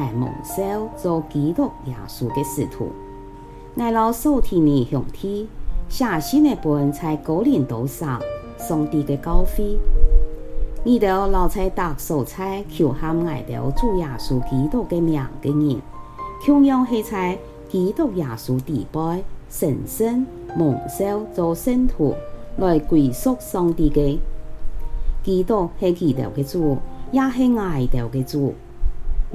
來蒙召做基督耶穌嘅使徒，乃老收聽你響聽，下生嘅本在哥林多上，上帝嘅教會，你都老在搭手車橋下挨到做耶穌基督嘅名嘅人，同樣係在基督耶穌底背，成聖蒙召做聖徒來歸順上帝嘅，基督係基督嘅主，也是挨到嘅主。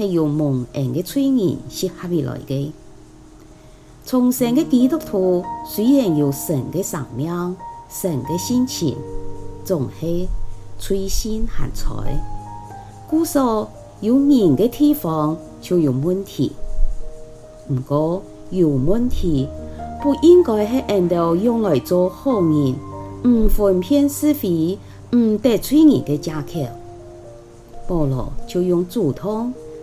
還有蒙恩嘅催眠是合唔來嘅。重生嘅基督徒雖然有神嘅生命、神嘅心情，總係催心含彩。故說有人嘅地方就有問題。唔過有問題，不應該係按照用來做後面，唔分辨是非、唔帶催眠嘅借口。保羅，就用普通。